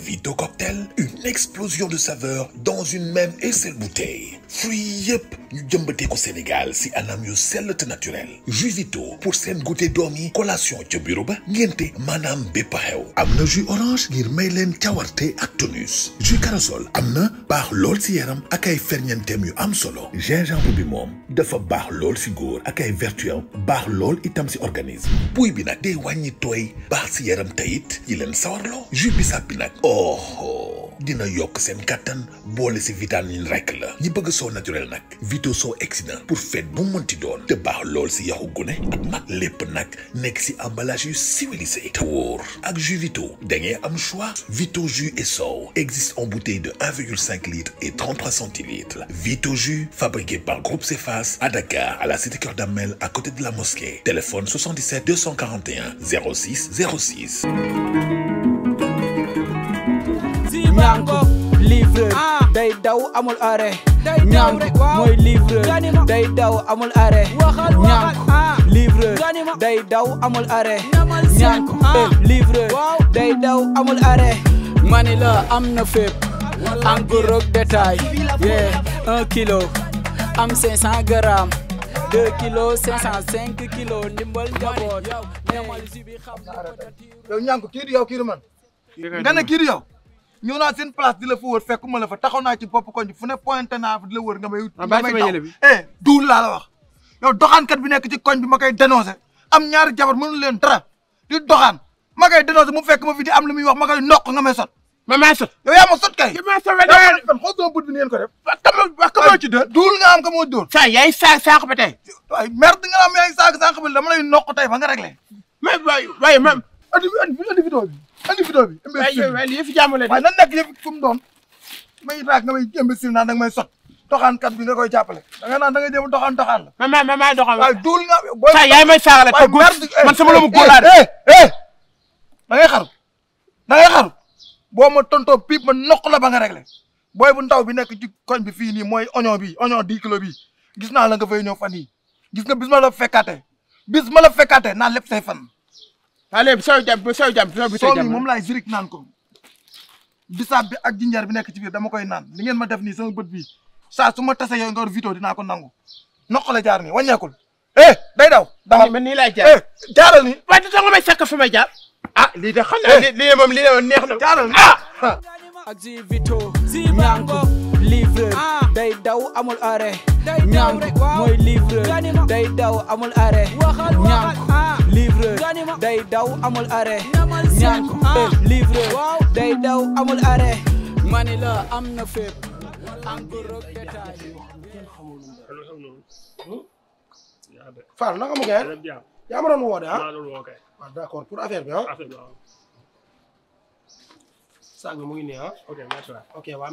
Vito Cocktail, une explosion de saveur dans une même et seule bouteille fruits yep yëpp ko Sénégal si anam yu sell naturel jus Vito pour seen goûter doom collation ci bureau ba ngenté manam ju orange ngir may len ju ak tonus jus lol amna bax lol si yaram ak ay yu am solo gingembre bi mom dafa bax lol si góor ak ay vertu bax lol itam si organisme puy bi nak day wañi toy bax si yaram tayit yi leen jus oh, oh dina yok sen katan bolé ci vitamine rek la ñi bëgg so naturel nak vito so excellent pour fête bu doon te lool si yahu gune ak emballage civilisé tour ak jus vito da ngay am choix vito jus et so existe en bouteille de 1,5 litre et 33 centilitres vito jus fabriqué par Groupe Cefas à Dakar à la cité cœur Damel à côté de la mosquée téléphone 77 241 06 06 ñànku livreur ah. day daw amul arrêt ñànku mooy livreur day daw amul arrêt ñànku ah. livreur day daw amul arrêt ñànku ah. eh, livreur day daw amul arrêt mani la am na fépp en gros détail yee un kilo am 500 grammes 2 kilos 505 kilos ndimbal njaboot yow ñànku kii yow ñëw naa seen place di la fa wër fekkuma la fa taxaw naa ci bopp koñ fu ne pointé naa fa di la wër nga may. Ah, nga may taw eh duul laa la wax. yow doxaankat bi nekk ci ma koy dénoncé am ñaari jabar mënu leen dara di doxaan ma koy dénoncé mu fekk ma fi di am lu muy wax ma koy noq nga may sot. ma may sot yow yaa ma sot kay. yow yaa ma sot xool bët bi ngeen ko def. waaw tam wax kamoo ci saa yaay saag saako ba tey. waay merde nga am yaay saag saako ba dama lay noq tey ba nga réglé. mais waay waay man. indi indi andi vidéo bi. waaye waaye lii yëf jàmm la de. waaye nan nekk yëf fu doon may raak nga nga may sot doxaankat bi nga koy jàppale. da nga naan da ngay dem doxaan doxaan la. man maa maa doxaan la waaye duul nga. booy saa yaay may saagale te góor eh, man sama loomu eh, góor eh, ngay xaru da ngay xaru boo ma tontoo piip ma noq la ba nga réglé booy bu ndaw bi nekk ci koñ bi fii nii mooy oignon bi oignon dix bi gis naa la nga fay ñëw fan yii gis nga bis ma la fekkaatee bis ma la fekkaatee naa lépp say fan allez sooy jàpp sooy jàpp sooy jàpp sooy moom laay zirik naan ko bisaab bi ak jinjeer bi nekk ci biir dama koy naan li ngeen ma def nii sama bët bii saa su ma tase yow nga war vidéo dinaa ko nangu noq la jaar nii wàññeekul eh day daw. dama man nii laay jaar eh jaaral nii. waaye dina ko may sakk fu may jaar. ah lii de xam naa eh. ne lii moom lii de moom neex na. jaaral ah. ak si Vito. livreur ah. day daw amul arrêt ñànk mooy day daw amul arrêt ñànk ah. livreur day daw amul arrêt ñànk ah. eh, livreur day daw amul arrêt mani la am na fépp Fall naka mu gën bi ah sang mu ngi nii ah. ok macha allah ok waaw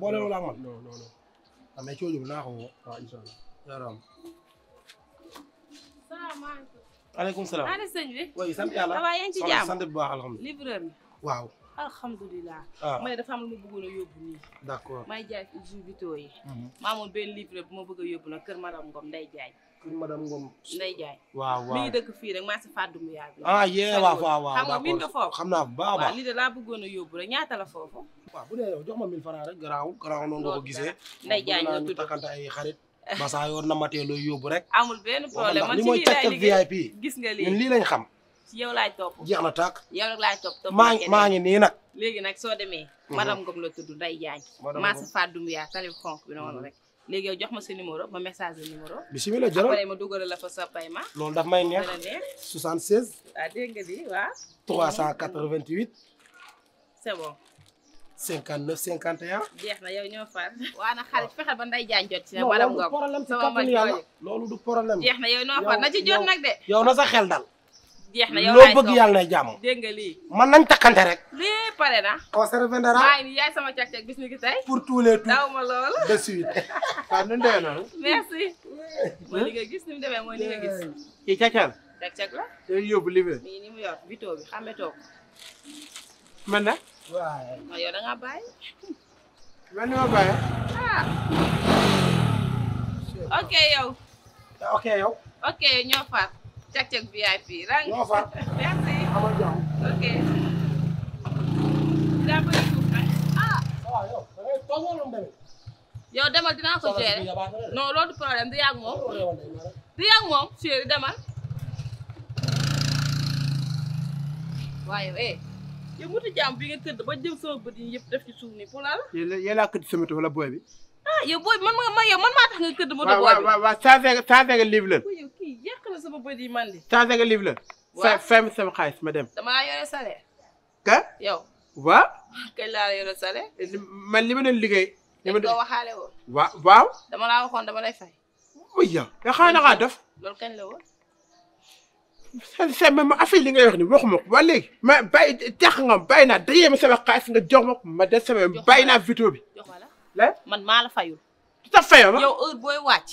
boole loolu ak man. non non non. ah mais coono bi naa ko woo. waaw ah, salaam. maa ngi waaw yaa ngi ah. dafa am ma bëggoon a nii. d' may jaay jus mhm. maa amoon benn livreur bu ma bëgg a yóbbu nag kër madame Ngom nday jaay. kër madame Ngom. Ndeye Diagne. waaw waaw dëkk fii rek maa si fàddu mu yàgg. ah yee waaw waaw xam nga min nga foofu. xam naa bu baax a baax waaw lii de laa bëggoon a yóbbu rek ñaata la foofu. waaw bu dee yow jox ma 1000 francs rek garaaw garaaw noonu nga ko gisee. Ndeye Diagne nga rek. amul benn problème man ci lii laay liggéey gis nga lii ñun lii lañ xam. yow laay topp jeex na tàkk. yow maa maa ngi nii nag. léegi nag soo demee. Mhm. madame Ngom la tudd Ndeye Diagne. madame Ngom maa si fàddu mu bi noonu rek léegi yow jox ma sa numéro ma message sa numéro. bisimilah jëlal après ma dugal la fa sa paiement. loolu daf may neex 76. ah dégg nga di waaw. 388. c'est bon. 59 51. jeex na yow ñoo far. waaw na xarit fexeel ba nday jaan jot ci wala mu ngam du problème ci du problème. yow ñoo na ci jot de. yow na sa xel dal jeex na yow loo bëgg yàlla na jàmm. dégg nga man nañ rek. na. yaay sama càq càq bis ni ki tey. pour tous les tours daw ma de suite waaw nu mu demee merci. mooy li nga gis ni mu demee mooy li nga gis. kii càqal. càq càq la. day yóbbu li mu. ni mu yor bi man na. da man ni ma ah. yow. yow. cak cak VIP rang merci ok dinaa ah. Ah, ko gérer non loolu problème di yàgg moom di yàgg moom chéri demal waaye eh yow mutu jàmm bi nga tëdd ba jëm sama bët yi yëpp def ci ni pour la yéen laa këdd sama wala booy bi ah yow booy bi man ma yow man maa tax nga këdd moto booy bi waaw waaw waaw saa fekk saa fekk livre la la sama bët yi man di. nga livre la. waaw fay ma sama xaalis ma dem. damaa yore salaire. ka yow. waaw. kañ laa yore salaire. man li ma doon liggéey. li ma doon waxaale woon. waaw dama laa waxoon dama lay fay. oui yow. nga xaaral ngaa def. loolu ma affaire li nga wax ni waxuma ko ba léegi. ma tax nga bàyyi naa dajee ma sama xaalis nga jox ma ko ma des sama bàyyi naa vidéo bi. jox ma la man maa la fayul. tu te fayoo ma yow heure booy wàcc.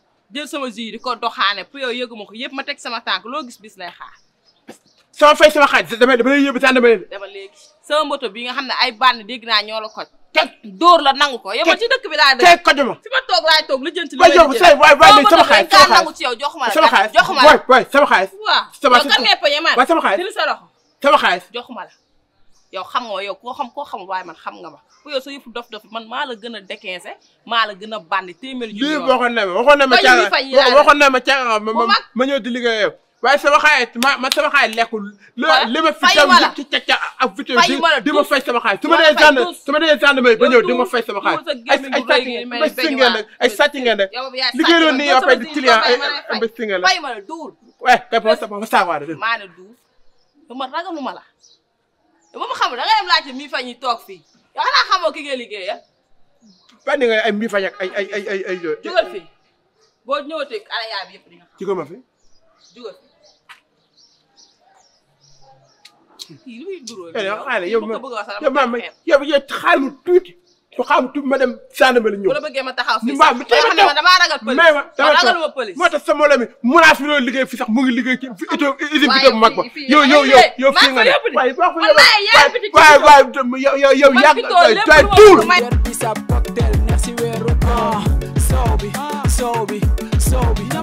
jël sama jus di ko doxaane pour yow yëguma ko yëpp ma teg sama tànk loo gis bis lay xaar. sama fay sama xaaj dama dama lay yóbbu tànn dama lay. dama léegi sama moto bi nga xam ne ay bànn dégg naa ñoo la ko. teg door la nangu ko yow ma ci dëkk bi laa dëkk. teg ko dama fi ma toog laay toog li jënti li may jënd waay waay waay sama xaalis sama xaalis nangu ci yow joxuma la. sama xaalis waay waay sama xaalis. waaw sama xaalis sama xaalis la yow xam nga ma yow koo xam koo xamul waaye man xam nga ma ku yow sa yëfu dof-dof man maa la gën a déquinze maa la gën a bandi téeméer ju lii waxoon na ma waxoon na ma caa waxoon na ma caa ma ñëw di liggéey yow waaye sama xaay ma ma sama xaay lekkul li ma fi tam yëpp ci càcc di ma fay sama xaay su ma dee gànd ma dee gànd may di ma fay sama xaay ay ay sàcc ay sàcc ngeen nag ay sàcc ngeen nag liggéey doon nii yow fay di client ay investir ngeen nag waaye kay ma ragaluma la ba ma xamul da nga dem laajte mii fañ yi toog fii yow xanaa xamoo ki nga liggéeya bandi nga ay mbii fañ ak ay ay ay ay ay jugal yaa bi di nga xam jugal fi jugal fi kii lu muy duróo eh, yow xaaral yow ma yow ma yow xaaral tuuti su xam tu ma dem sànni ma la ñëw. bu la bëggee ma taxaw fii sax ma damaa ragal pëlis mais ma mu ngi liggéey ci usine bi tam mag ba yow yow yow yow fii nga ne waaye baax fa yow waaye sa cocktail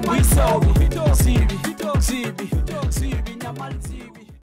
neex